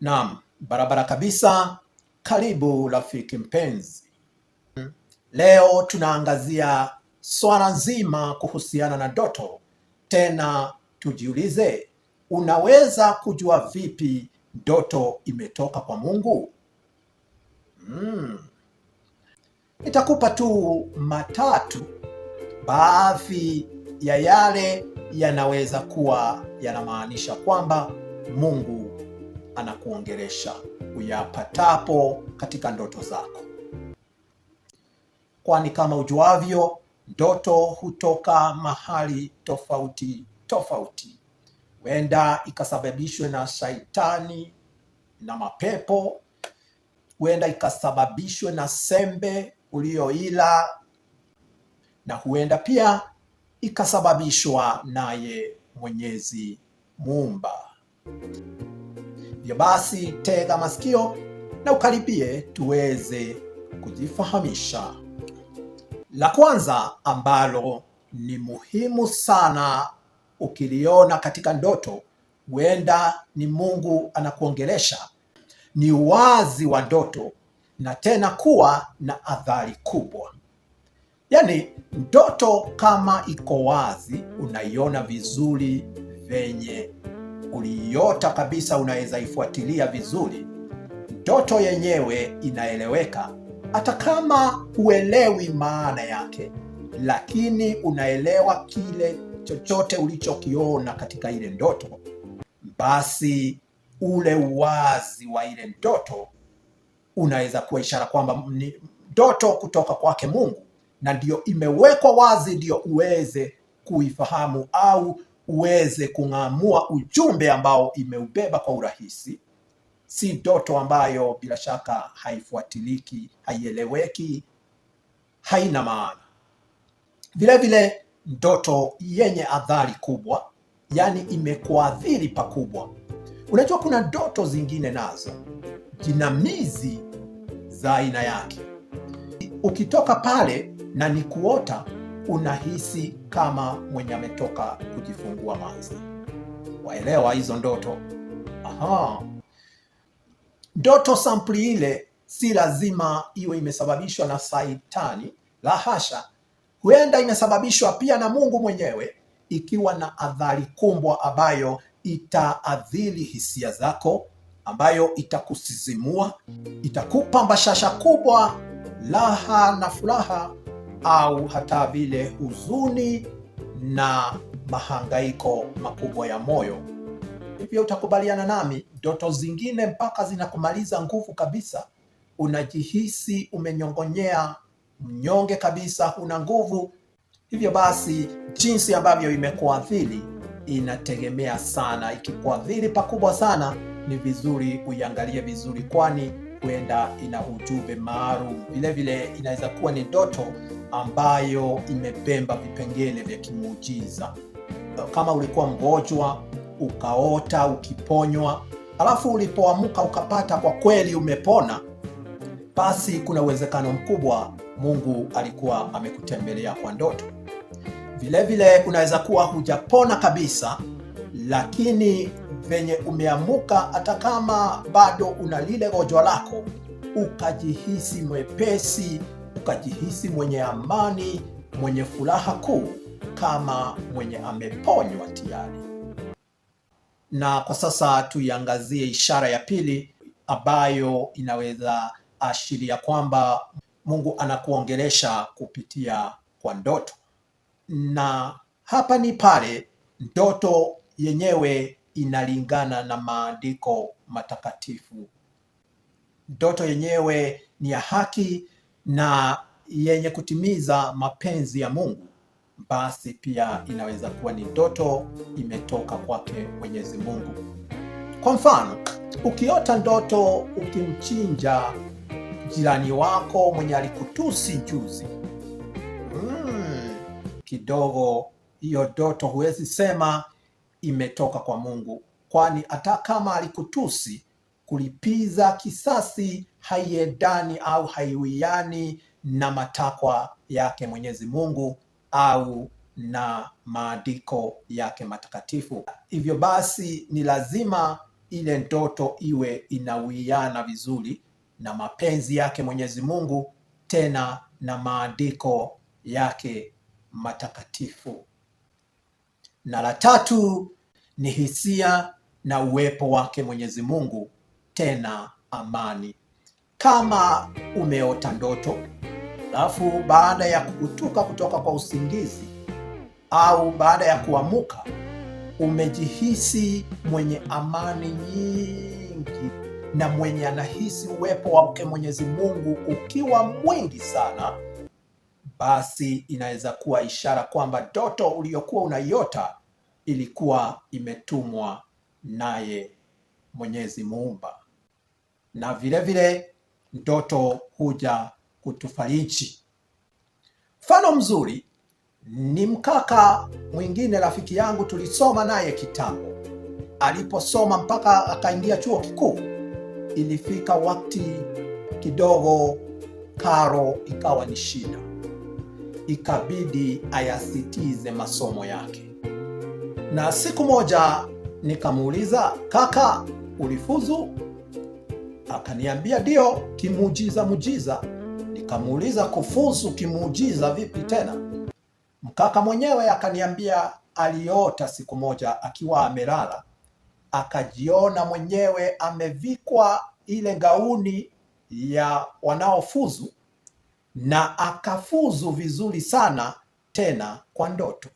Naam, barabara kabisa. Karibu rafiki mpenzi, leo tunaangazia swala nzima kuhusiana na ndoto. Tena tujiulize, unaweza kujua vipi ndoto imetoka kwa Mungu? Mm, Nitakupa tu matatu, baadhi ya yale yanaweza kuwa yanamaanisha kwamba Mungu anakuongeresha uyapatapo katika ndoto zako, kwani kama ujuavyo, ndoto hutoka mahali tofauti tofauti. Huenda ikasababishwe na shaitani na mapepo, huenda ikasababishwe na sembe ulioila na huenda pia ikasababishwa naye Mwenyezi Muumba. Hivyo basi tega masikio na ukaribie tuweze kujifahamisha. La kwanza ambalo ni muhimu sana ukiliona katika ndoto, huenda ni Mungu anakuongelesha, ni uwazi wa ndoto na tena kuwa na athari kubwa. Yaani ndoto kama iko wazi, unaiona vizuri venye uliota kabisa, unaweza ifuatilia vizuri. Ndoto yenyewe inaeleweka, hata kama huelewi maana yake, lakini unaelewa kile chochote ulichokiona katika ile ndoto, basi ule uwazi wa ile ndoto unaweza kuwa ishara kwamba ni ndoto kutoka kwake Mungu, na ndiyo imewekwa wazi, ndiyo uweze kuifahamu au uweze kung'amua ujumbe ambao imeubeba kwa urahisi, si ndoto ambayo bila shaka haifuatiliki, haieleweki, haina maana. Vilevile ndoto yenye adhari kubwa, yaani imekuadhiri pakubwa. Unajua kuna ndoto zingine nazo jinamizi za aina yake, ukitoka pale na ni kuota unahisi kama mwenye ametoka kujifungua mazi. Waelewa hizo ndoto? Aha. Ndoto sampli ile si lazima iwe imesababishwa na Saitani, la hasha. Huenda imesababishwa pia na Mungu mwenyewe, ikiwa na adhari kubwa ambayo itaadhiri hisia zako, ambayo itakusisimua, itakupa bashasha kubwa, raha na furaha au hata vile huzuni na mahangaiko makubwa ya moyo. Hivyo utakubaliana nami, ndoto zingine mpaka zinakumaliza nguvu kabisa, unajihisi umenyongonyea, mnyonge kabisa, huna nguvu. Hivyo basi, jinsi ambavyo imekuathiri inategemea sana. Ikikuathiri pakubwa sana, ni vizuri uiangalie vizuri, kwani huenda ina ujumbe maalum. Vilevile inaweza kuwa ni ndoto ambayo imebemba vipengele vya kimuujiza, kama ulikuwa mgonjwa ukaota ukiponywa, alafu ulipoamka ukapata kwa kweli umepona, basi kuna uwezekano mkubwa Mungu alikuwa amekutembelea kwa ndoto. Vilevile unaweza kuwa hujapona kabisa, lakini venye umeamuka, hata kama bado una lile gojwa lako, ukajihisi mwepesi, ukajihisi mwenye amani, mwenye furaha kuu, kama mwenye ameponywa tayari. Na kwa sasa tuiangazie ishara ya pili ambayo inaweza ashiria kwamba Mungu anakuongelesha kupitia kwa ndoto, na hapa ni pale ndoto yenyewe inalingana na maandiko matakatifu. Ndoto yenyewe ni ya haki na yenye kutimiza mapenzi ya Mungu, basi pia inaweza kuwa ni ndoto imetoka kwake Mwenyezi Mungu. Kwa mfano, ukiota ndoto ukimchinja jirani wako mwenye alikutusi juzi, mm, kidogo hiyo ndoto huwezi sema imetoka kwa Mungu, kwani hata kama alikutusi, kulipiza kisasi haiendani au haiwiani na matakwa yake Mwenyezi Mungu au na maandiko yake matakatifu. Hivyo basi ni lazima ile ndoto iwe inawiana vizuri na mapenzi yake Mwenyezi Mungu, tena na maandiko yake matakatifu na la tatu ni hisia na uwepo wake Mwenyezi Mungu, tena amani. Kama umeota ndoto alafu baada ya kukutuka kutoka kwa usingizi au baada ya kuamuka umejihisi mwenye amani nyingi na mwenye anahisi uwepo wake Mwenyezi Mungu ukiwa mwingi sana basi inaweza kuwa ishara kwamba ndoto uliyokuwa unaiota ilikuwa imetumwa naye Mwenyezi Muumba. Na vilevile ndoto huja kutufariji. Mfano mzuri ni mkaka mwingine, rafiki yangu, tulisoma naye kitambo. Aliposoma mpaka akaingia chuo kikuu, ilifika wakati kidogo karo ikawa ni shida ikabidi ayasitize masomo yake. Na siku moja nikamuuliza, kaka, ulifuzu? Akaniambia ndio, kimuujiza mujiza. Nikamuuliza, kufuzu kimuujiza vipi tena? Mkaka mwenyewe akaniambia aliota siku moja akiwa amelala akajiona mwenyewe amevikwa ile gauni ya wanaofuzu na akafuzu vizuri sana tena kwa ndoto.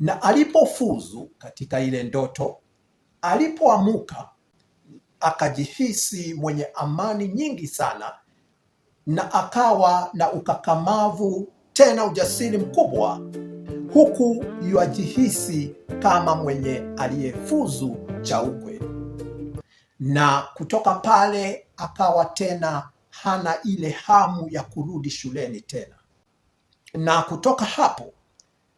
Na alipofuzu katika ile ndoto, alipoamuka akajihisi mwenye amani nyingi sana, na akawa na ukakamavu tena ujasiri mkubwa, huku yuajihisi kama mwenye aliyefuzu cha ukwe, na kutoka pale akawa tena hana ile hamu ya kurudi shuleni tena. Na kutoka hapo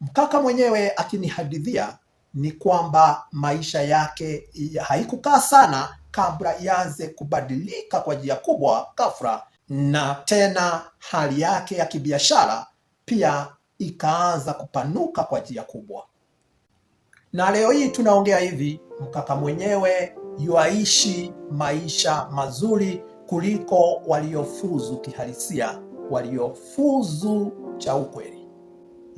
mkaka mwenyewe akinihadithia ni kwamba maisha yake haikukaa sana kabla yaanze kubadilika kwa njia kubwa ghafla, na tena hali yake ya kibiashara pia ikaanza kupanuka kwa njia kubwa. Na leo hii tunaongea hivi, mkaka mwenyewe yuaishi maisha mazuri kuliko waliofuzu kihalisia, waliofuzu cha ukweli.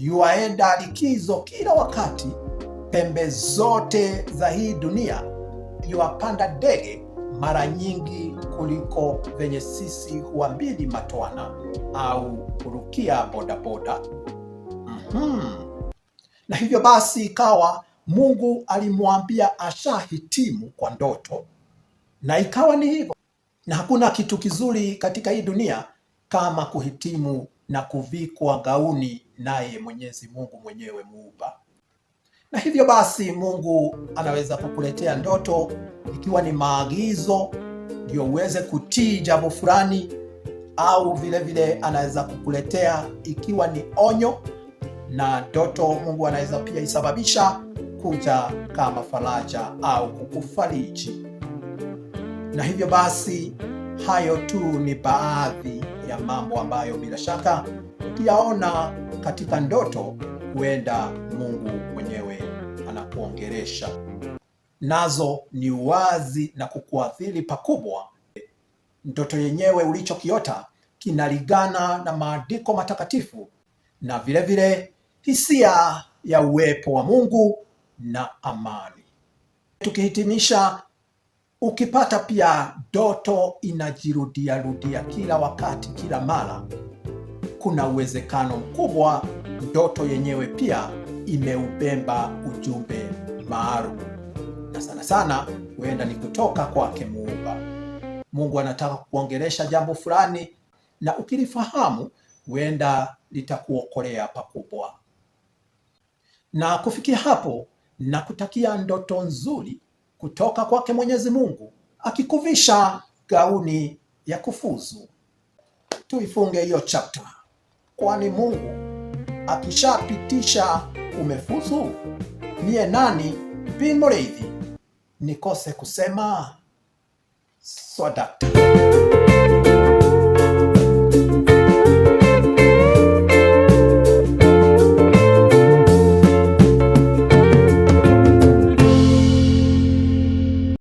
Yuaenda likizo kila wakati pembe zote za hii dunia, iliwapanda ndege mara nyingi kuliko venye sisi huambili matwana au kurukia bodaboda mm -hmm. Na hivyo basi ikawa Mungu alimwambia ashahitimu kwa ndoto, na ikawa ni hivyo na hakuna kitu kizuri katika hii dunia kama kuhitimu na kuvikwa gauni naye Mwenyezi Mungu mwenyewe muumba. Na hivyo basi, Mungu anaweza kukuletea ndoto ikiwa ni maagizo ndio uweze kutii jambo fulani, au vile vile anaweza kukuletea ikiwa ni onyo, na ndoto Mungu anaweza pia isababisha kuja kama faraja au kukufariji. Na hivyo basi, hayo tu ni baadhi ya mambo ambayo bila shaka ukiyaona katika ndoto, huenda Mungu mwenyewe anakuongeresha nazo, ni wazi na kukuathiri pakubwa. Ndoto yenyewe ulichokiota kinaligana na maandiko matakatifu na vile vile, hisia ya uwepo wa Mungu na amani. Tukihitimisha Ukipata pia ndoto inajirudia rudia kila wakati, kila mara, kuna uwezekano mkubwa ndoto yenyewe pia imeubemba ujumbe maalum, na sana sana huenda ni kutoka kwake Muumba. Mungu anataka kuongelesha jambo fulani, na ukilifahamu huenda litakuokolea pakubwa. Na kufikia hapo, nakutakia ndoto nzuri kutoka kwake Mwenyezi Mungu akikuvisha gauni ya kufuzu. Tuifunge hiyo chapter, kwani Mungu akishapitisha umefuzu, niye nani bin nikose kusema swadakta.